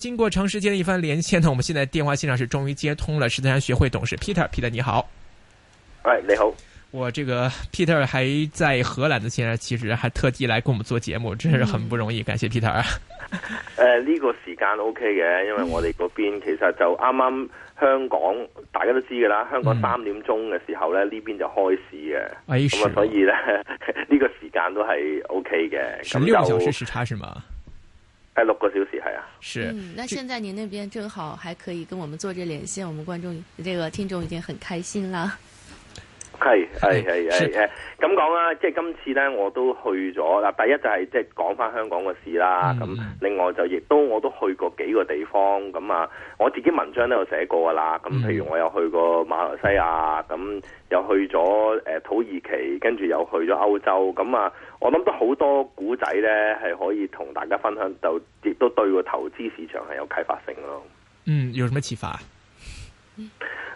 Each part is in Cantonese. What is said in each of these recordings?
經過長時間的一番連線呢，我們現在電話線上是終於接通了。獅子山學會董事 Peter，Peter Peter, 你好。哎，你好。我這個 Peter 還在荷蘭的現在，其實還特地來跟我們做節目，真是很不容易。感謝 Peter 啊。誒，呢個時間都 OK 嘅，因為我哋嗰邊其實就啱啱香港，大家都知噶啦，香港三點鐘嘅時候咧，呢邊就開市嘅。嗯、所以呢，呢、嗯、個時間都係 OK 嘅。十六小時時差是嗎、嗯六個小時，係啊。是。嗯，那現在您那邊正好還可以跟我們做着連線，我們觀眾這個聽眾已經很開心了。係係係係咁講啦，即係今次呢，我都去咗嗱。第一就係即係講翻香港嘅事啦。咁、嗯，另外就亦都我都去過幾個地方。咁啊，我自己文章都有寫過噶啦。咁，譬如我有去過馬來西亞，咁、嗯、又去咗誒土耳其，跟住又去咗歐洲。咁啊，我諗都好多古仔呢係可以同大家分享，就亦都對個投資市場係有啟發性咯。嗯，有咩啟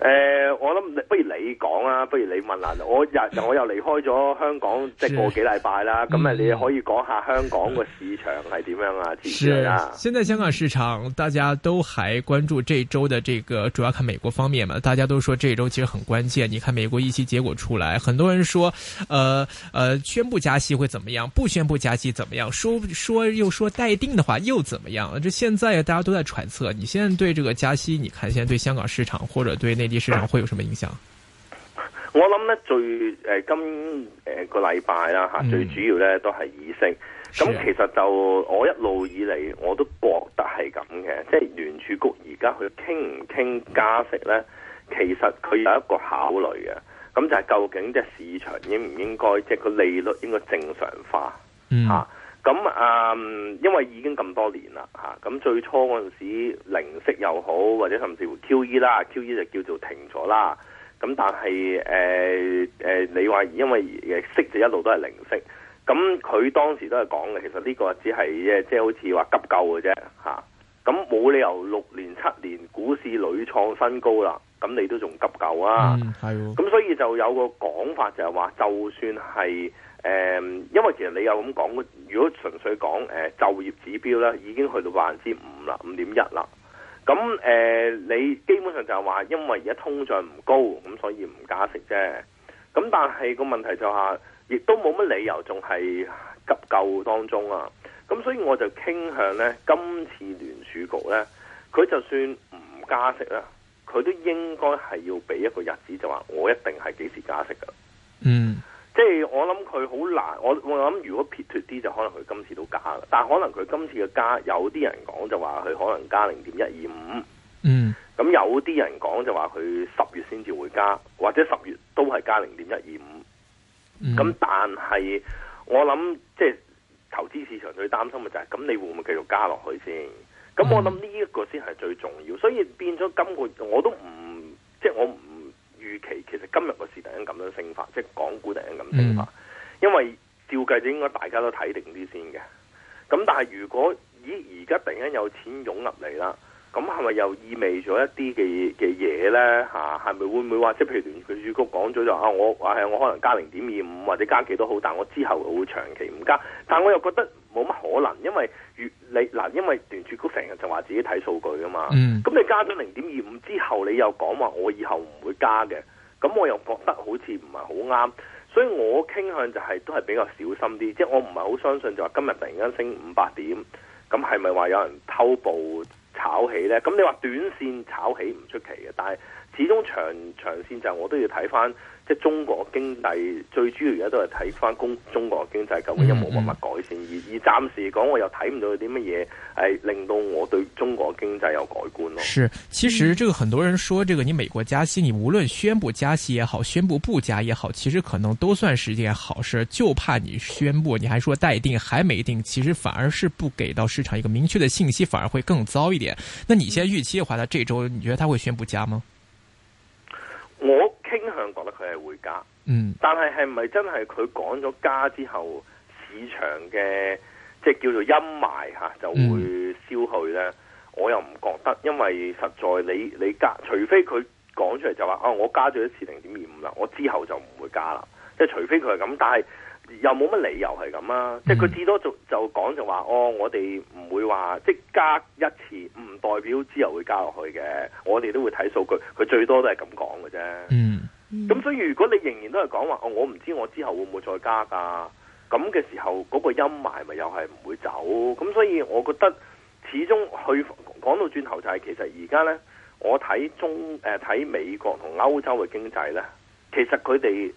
誒、呃，我諗不如你講啊，不如你問下、啊、我。日我又離開咗香港，即係個幾禮拜啦。咁啊、嗯，你可以講下香港個市場係點樣啊？是啊，其實啊、現在香港市場大家都還關注這周的這個，主要看美國方面嘛。大家都說這周其實很關鍵。你看美國議息結果出來，很多人說，誒、呃、誒、呃，宣布加息會怎麼樣？不宣布加息怎麼樣？說說又說待定的話又怎麼樣？這現在大家都在揣測。你現在對這個加息，你看現在對香港市場或者對那？市場會有什麼影響？我諗咧最誒、呃、今誒、呃、個禮拜啦吓，最主要咧、嗯、都係議息。咁是其實就我一路以嚟我都覺得係咁嘅，即係聯儲局而家佢傾唔傾加息咧，其實佢有一個考慮嘅。咁就係究竟即係市場應唔應該即係個利率應該正常化、嗯、啊？咁啊、嗯，因為已經咁多年啦，吓、啊、咁最初嗰陣時零息又好，或者甚至乎 QE 啦，QE 就叫做停咗啦。咁但係誒誒，你話，因為息就一路都係零息，咁佢當時都係講嘅，其實呢個只係即係好似話急救嘅啫，吓咁，冇理由六年七年股市屢創新高啦，咁你都仲急救啊？係、嗯，咁所以就有個講法就係話，就算係。誒、嗯，因為其實你有咁講，如果純粹講誒、呃、就業指標咧，已經去到百分之五啦，五點一啦，咁誒、呃、你基本上就係話，因為而家通脹唔高，咁所以唔加息啫。咁但係個問題就係、是，亦都冇乜理由仲係急救當中啊。咁所以我就傾向咧，今次聯儲局咧，佢就算唔加息咧，佢都應該係要俾一個日子，就話我一定係幾時加息噶。嗯。即係我諗佢好難，我我諗如果撇脫啲就可能佢今次都加啦，但係可能佢今次嘅加，有啲人講就話佢可能加零點一二五，嗯，咁有啲人講就話佢十月先至會加，或者十月都係加零點一二五，咁、嗯、但係我諗即係投資市場最擔心嘅就係、是，咁你會唔會繼續加落去先？咁我諗呢一個先係最重要，所以變咗今個月我都唔即係我唔。其其實今日個市突然咁樣升法，即係港股突然咁升法，嗯、因為照計應該大家都睇定啲先嘅。咁但係如果咦而家突然有錢湧入嚟啦。咁係咪又意味咗一啲嘅嘅嘢咧？吓，係咪會唔會話即係譬如聯儲局講咗就啊，我話係、啊、我可能加零點二五或者加幾多都好，但係我之後會長期唔加。但係我又覺得冇乜可能，因為越你嗱、啊，因為聯儲局成日就話自己睇數據㗎嘛。咁、嗯、你加咗零點二五之後，你又講話我以後唔會加嘅，咁我又覺得好似唔係好啱。所以我傾向就係、是、都係比較小心啲，即、就、係、是、我唔係好相信就話、是、今日突然間升五百點，咁係咪話有人偷步？炒起咧，咁你話短線炒起唔出奇嘅，但係始終長長線就係我都要睇翻。即係中國經濟最主要而家都係睇翻中中國經濟究竟有冇辦法改善。嗯嗯、而暫而暫時講我又睇唔到啲乜嘢係令到我對中國經濟有改觀咯。是，其實這個很多人說，這個你美國加息，你無論宣布加息也好，宣布不加也好，其實可能都算是一件好事。就怕你宣布，你還說待定，還沒定，其實反而是不給到市場一個明確的信息，反而會更糟一點。那你現在預期嘅話，佢這周你覺得佢會宣布加嗎？我傾向覺得佢係會加，嗯，但係係唔係真係佢講咗加之後，市場嘅即係叫做陰霾吓就會消去呢？嗯、我又唔覺得，因為實在你你加，除非佢講出嚟就話，啊，我加咗一次零點二五啦，我之後就唔會加啦，即係除非佢係咁，但係。又冇乜理由係咁啊，即係佢至多就就講就話、嗯、哦，我哋唔會話即加一次，唔代表之後會加落去嘅。我哋都會睇數據，佢最多都係咁講嘅啫。咁、嗯嗯、所以如果你仍然都係講話哦，我唔知我之後會唔會再加噶，咁嘅時候嗰、嗰個陰霾咪又係唔會走？咁所以我覺得始終去講到轉頭就係、呃，其實而家咧，我睇中誒睇美國同歐洲嘅經濟咧，其實佢哋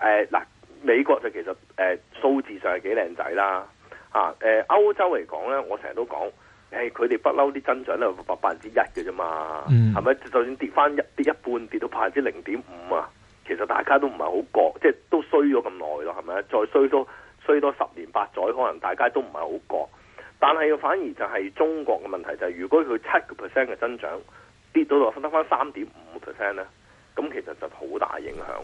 誒嗱。美國就其實誒、呃、數字上係幾靚仔啦，嚇、啊、誒、呃、歐洲嚟講咧，我成日都講，誒佢哋不嬲啲增長都百分之一嘅啫嘛，係咪、嗯、就算跌翻一跌一半，跌到百分之零點五啊，其實大家都唔係好過，即係都衰咗咁耐咯，係咪？再衰多衰多十年八載，可能大家都唔係好過。但係反而就係中國嘅問題就係、是，如果佢七個 percent 嘅增長跌到落得翻三點五 percent 咧，咁其實就好大影響。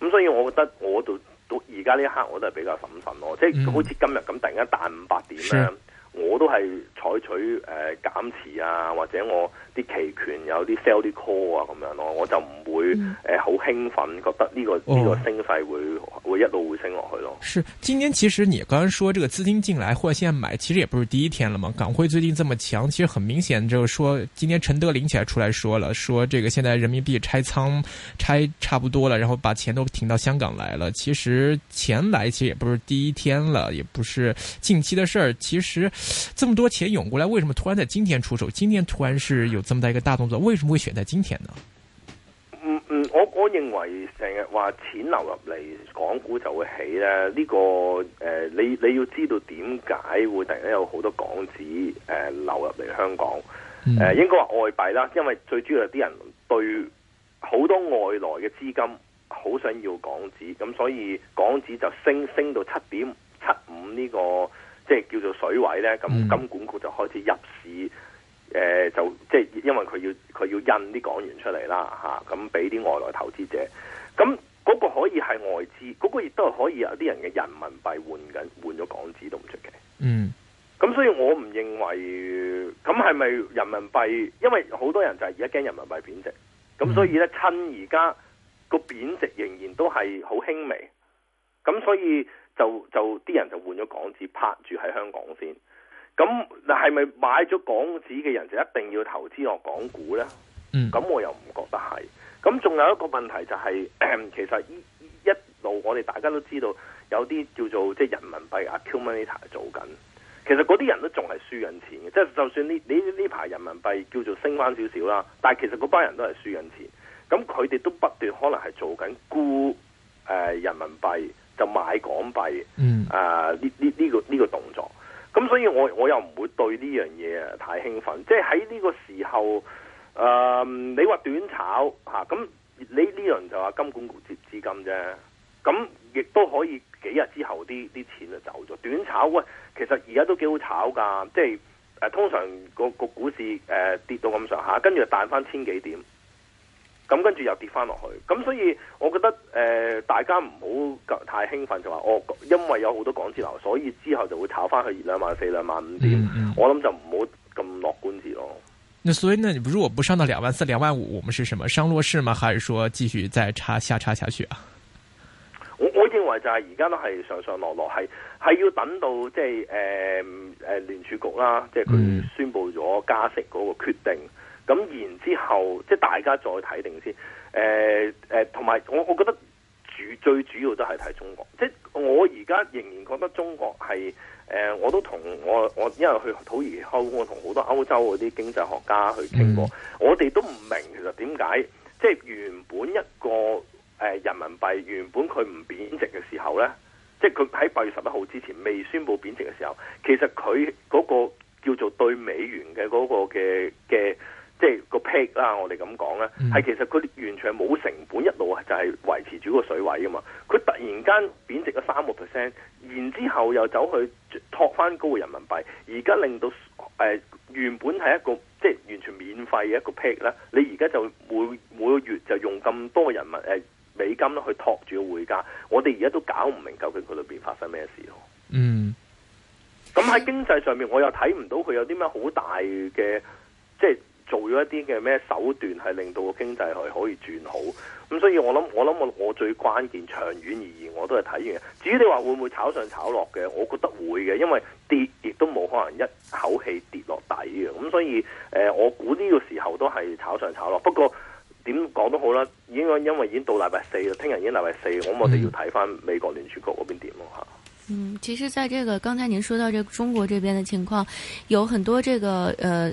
咁所以我覺得我度。到而家呢一刻，我都係比較謹慎咯，即係好似今日咁突然間彈五百點咧。我都係採取誒、呃、減持啊，或者我啲期權有啲 sell 啲 call 啊咁樣咯，我就唔會誒好、嗯呃、興奮，覺得呢、這個呢、這個升勢會會一路會升落去咯。是，今天其實你剛剛說這個資金進來或者現在買，其實也不是第一天了嘛。港匯最近這麼強，其實很明顯就是說，今天陳德林起來出來說了，說這個現在人民幣拆倉拆差不多了，然後把錢都停到香港來了。其實錢來其實也不是第一天了，也不是近期的事兒其實。這麼多錢湧過來，為什麼突然在今天出手？今天突然是有這麼大一個大動作，為什麼會選在今天呢？嗯嗯，我我認為成日話錢流入嚟港股就會起咧，呢、這個誒、呃，你你要知道點解會突然有好多港紙誒流入嚟香港誒、嗯呃，應該話外幣啦，因為最主要有啲人對好多外來嘅資金好想要港紙，咁所以港紙就升升到七點七五呢個。即係叫做水位咧，咁金管局就開始入市，誒、嗯呃，就即係因為佢要佢要印啲港元出嚟啦，吓、啊，咁俾啲外來投資者，咁嗰、那個可以係外資，嗰、那個亦都係可以有啲人嘅人民幣換緊，換咗港紙都唔出奇。嗯，咁所以我唔認為，咁係咪人民幣？因為好多人就係而家驚人民幣貶值，咁、嗯、所以咧趁而家個貶值仍然都係好輕微。咁所以就就啲人就換咗港紙，拍住喺香港先。咁嗱，係咪買咗港紙嘅人就一定要投資落港股呢？嗯。咁我又唔覺得係。咁仲有一個問題就係、是，其實一路我哋大家都知道有啲叫做即係人民幣 accumulator 做緊。其實嗰啲人都仲係輸緊錢嘅，即係就算呢呢呢排人民幣叫做升翻少少啦，但係其實嗰班人都係輸緊錢。咁佢哋都不斷可能係做緊沽。誒、呃、人民幣就買港幣，呃、嗯啊呢呢呢個呢、這個、動作，咁所以我我又唔會對呢樣嘢啊太興奮，即係喺呢個時候，誒、呃、你話短炒吓、啊、你呢輪、這個、就話金管局接資金啫，咁亦都可以幾日之後啲啲錢就走咗。短炒喂、呃，其實而家都幾好炒噶，即、就、係、是呃、通常個，個股市、呃、跌到咁上下，跟、啊、住就彈翻千幾點。咁跟住又跌翻落去，咁所以我覺得誒、呃、大家唔好太興奮，就話我因為有好多港紙流，所以之後就會炒翻去兩萬四、兩萬五點。嗯嗯、我諗就唔好咁樂觀啲咯。那所以呢，你如果唔上到兩萬四、兩萬五，我哋是什麼上落市嘛，還是說繼續再插下插下，下，下去啊？我我認為就係而家都係上上落落，係係要等到即係誒誒聯儲局啦，即係佢宣布咗加息嗰個決定。嗯咁然之後，即係大家再睇定先。誒誒同埋我，我覺得主最主要都係睇中國。即係我而家仍然覺得中國係誒、呃，我都同我我因為去土耳其後我同好多歐洲嗰啲經濟學家去傾過。嗯、我哋都唔明其實點解，即係原本一個、呃、人民幣原本佢唔貶值嘅時候咧，即係佢喺八月十一號之前未宣佈貶值嘅時候，其實佢嗰個叫做對美元嘅嗰個嘅嘅。即係個 peg 啦，我哋咁講啦，係、嗯、其實佢完全冇成本一路啊，就係維持住個水位啊嘛。佢突然間貶值咗三個 percent，然之後又走去托翻高嘅人民幣，而家令到誒、呃、原本係一個即係完全免費嘅一個 peg 咧，你而家就每每個月就用咁多人民誒、呃、美金去托住個匯價。我哋而家都搞唔明究竟佢裏面發生咩事咯。嗯，咁喺經濟上面我又睇唔到佢有啲咩好大嘅即係。做咗一啲嘅咩手段，係令到個經濟係可以轉好。咁所以我諗，我諗我我最關鍵長遠而言，我都係睇完。至於你話會唔會炒上炒落嘅，我覺得會嘅，因為跌，亦都冇可能一口氣跌落底嘅。咁所以誒、呃，我估呢個時候都係炒上炒落。不過點講都好啦，已經因為已經到禮拜四啦，聽日已經禮拜四，咁我哋要睇翻美國聯儲局嗰邊點咯吓。嗯，其實，在這個剛才您說到、這個，這中國這邊的情況，有很多這個，誒、呃。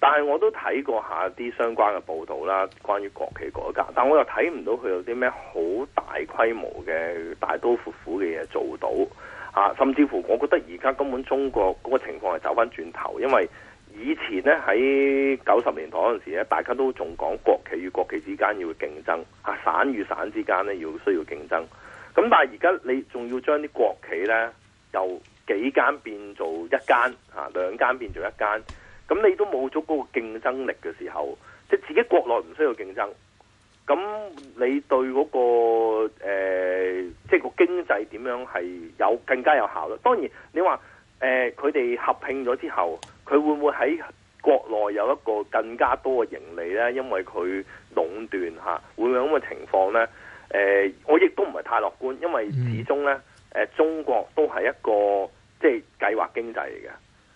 但係我都睇過下啲相關嘅報道啦，關於國企改革，但我又睇唔到佢有啲咩好大規模嘅大刀闊斧嘅嘢做到啊！甚至乎，我覺得而家根本中國嗰個情況係走翻轉頭，因為以前呢，喺九十年代嗰陣時咧，大家都仲講國企與國企之間要競爭，嚇、啊、省與省之間呢要需要競爭。咁但係而家你仲要將啲國企呢，由幾間變做一間，啊、兩間變做一間。咁你都冇咗嗰個競爭力嘅時候，即係自己國內唔需要競爭，咁你對嗰、嗰個即係、呃即係、個經濟點樣係有更加有效率，當然你，你話誒佢哋合併咗之後，佢會唔會喺國內有一個更加多嘅盈利咧？因為佢壟斷吓會唔會咁嘅情況咧？誒、呃、我亦都唔係太樂觀，因為始終咧，誒、呃、中國都係一個即係、即係、計劃經濟嚟嘅。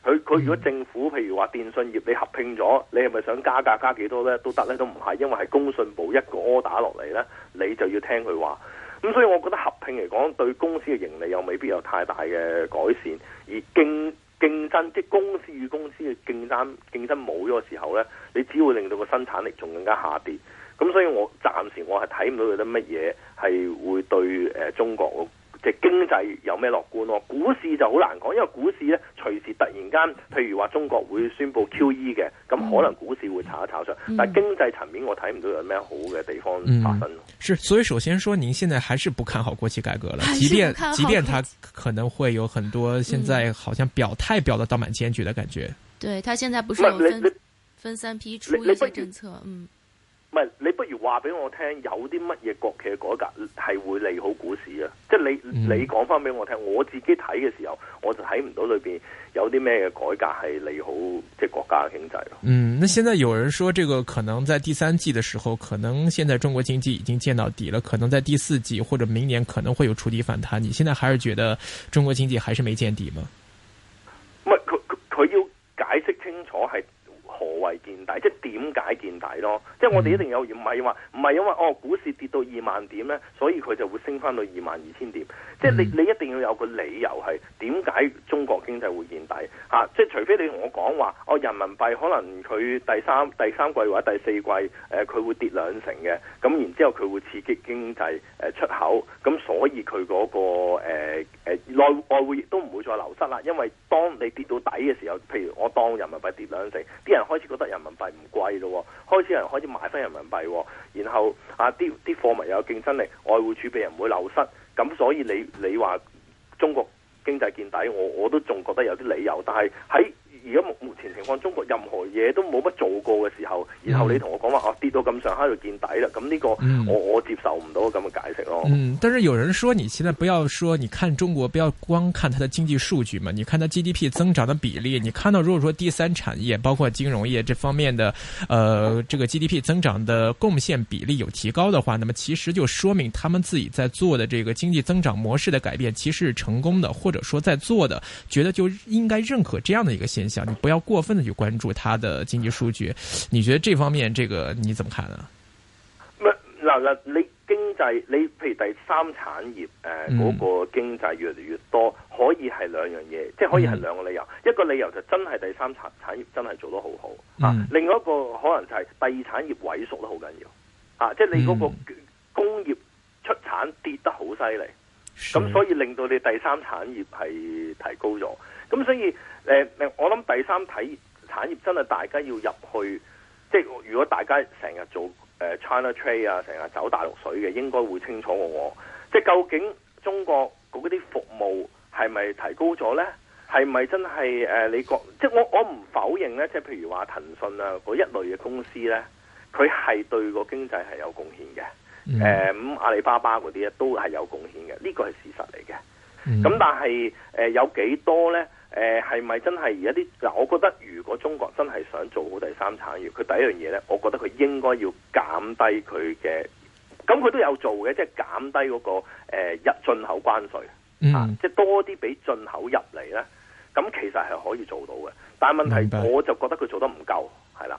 佢佢如果政府譬如話電信業你合併咗，你係咪想加價加幾多咧都得咧？都唔係，因為係工信部一個柯打落嚟咧，你就要聽佢話。咁所以我覺得合併嚟講，對公司嘅盈利又未必有太大嘅改善，而競競爭即係公司與公司嘅競爭競爭冇咗嘅時候咧，你只會令到個生產力仲更加下跌。咁所以我暫時我係睇唔到佢啲乜嘢係會對、呃、中國。即係經濟有咩樂觀咯？股市就好難講，因為股市咧隨時突然間，譬如話中國會宣布 QE 嘅，咁可能股市會炒一炒上。但係經濟層面我睇唔到有咩好嘅地方發生。嗯。是，所以首先說，您現在還是不看好國企改革了，即便即便他可能會有很多，現在好像表態表得倒蠻堅決嘅感覺。嗯、對，他現在不是有分分三批出一些政策，嗯。唔係，你不如話俾我聽，有啲乜嘢國企嘅改革係會利好股市啊？即係你你講翻俾我聽，我自己睇嘅時候，我就睇唔到裏邊有啲咩嘅改革係利好即係國家嘅經濟咯。嗯，那現在有人說，這個可能在第三季嘅時候，可能現在中國經濟已經見到底了，可能在第四季或者明年可能會有觸底反彈。你現在還是覺得中國經濟還是沒見底嗎？唔係佢佢要解釋清楚係。何為見底？即係點解見底咯？嗯、即係我哋一定有，唔係話唔係因為，因為哦股市跌到二萬點咧，所以佢就會升翻到二萬二千點。即係你你一定要有個理由係點解中國經濟會見底嚇、啊？即係除非你同我講話哦，人民幣可能佢第三第三季或者第四季誒佢、呃、會跌兩成嘅，咁然之後佢會刺激經濟誒、呃、出口，咁所以佢嗰、嗰個誒誒、呃、內外匯亦都唔會再流失啦。因為當你跌到底嘅時候，譬如我當人民幣跌兩成，啲人。開始覺得人民幣唔貴咯，開始有人開始買翻人民幣，然後啊，啲啲貨物又有競爭力，外匯儲備又唔會流失，咁所以你你話中國經濟見底，我我都仲覺得有啲理由，但係喺，如果目前情況，中國任何嘢都冇乜做過嘅時候，然後你同我講話，啊跌到咁上下就見底啦，咁、這、呢個我我接受唔到咁嘅解釋咯。嗯，但是有人說你現在不要說，你看中國，不要光看它的經濟數據嘛，你看它 GDP 增長的比例，你看到如果說第三產業包括金融業這方面的，呃，這個 GDP 增長的貢獻比例有提高的話，那麼其實就說明他們自己在做的這個經濟增長模式的改變其實是成功的，或者說在做的覺得就應該認可這樣的一個現象。你不要過分的去關注它的經濟數據，你覺得這方面這個你怎麼看呢？嗱嗱，嗯嗯嗯嗯、你經濟你譬如第三產業誒嗰個經濟越嚟越多，可以係兩樣嘢，即係可以係兩個理由。嗯嗯、一個理由就真係第三產產業真係做得好好啊，另外一個可能就係第二產業萎縮得好緊要啊，即係你嗰個工業出產跌得好犀利，咁、嗯嗯、所以令到你第三產業係提高咗。咁所以，誒、呃、我諗第三睇產業真係大家要入去，即係如果大家成日做誒、呃、China Trade 啊，成日走大陸水嘅，應該會清楚過我。即係究竟中國嗰啲服務係咪提高咗咧？係咪真係誒、呃、你覺得即係我我唔否認咧，即係譬如話騰訊啊嗰一類嘅公司咧，佢係對個經濟係有貢獻嘅。誒、mm，咁、hmm. 呃、阿里巴巴嗰啲咧都係有貢獻嘅，呢個係事實嚟嘅。咁、嗯、但係誒有幾多咧？誒係咪真係而家啲嗱？我覺得如果中國真係想做好第三產業，佢第一樣嘢咧，我覺得佢應該要減低佢嘅，咁佢都有做嘅，即係減低嗰個誒進進口關稅、嗯、啊，即係多啲俾進口入嚟咧，咁其實係可以做到嘅。但係問題明白我就覺得佢做得唔夠，係啦。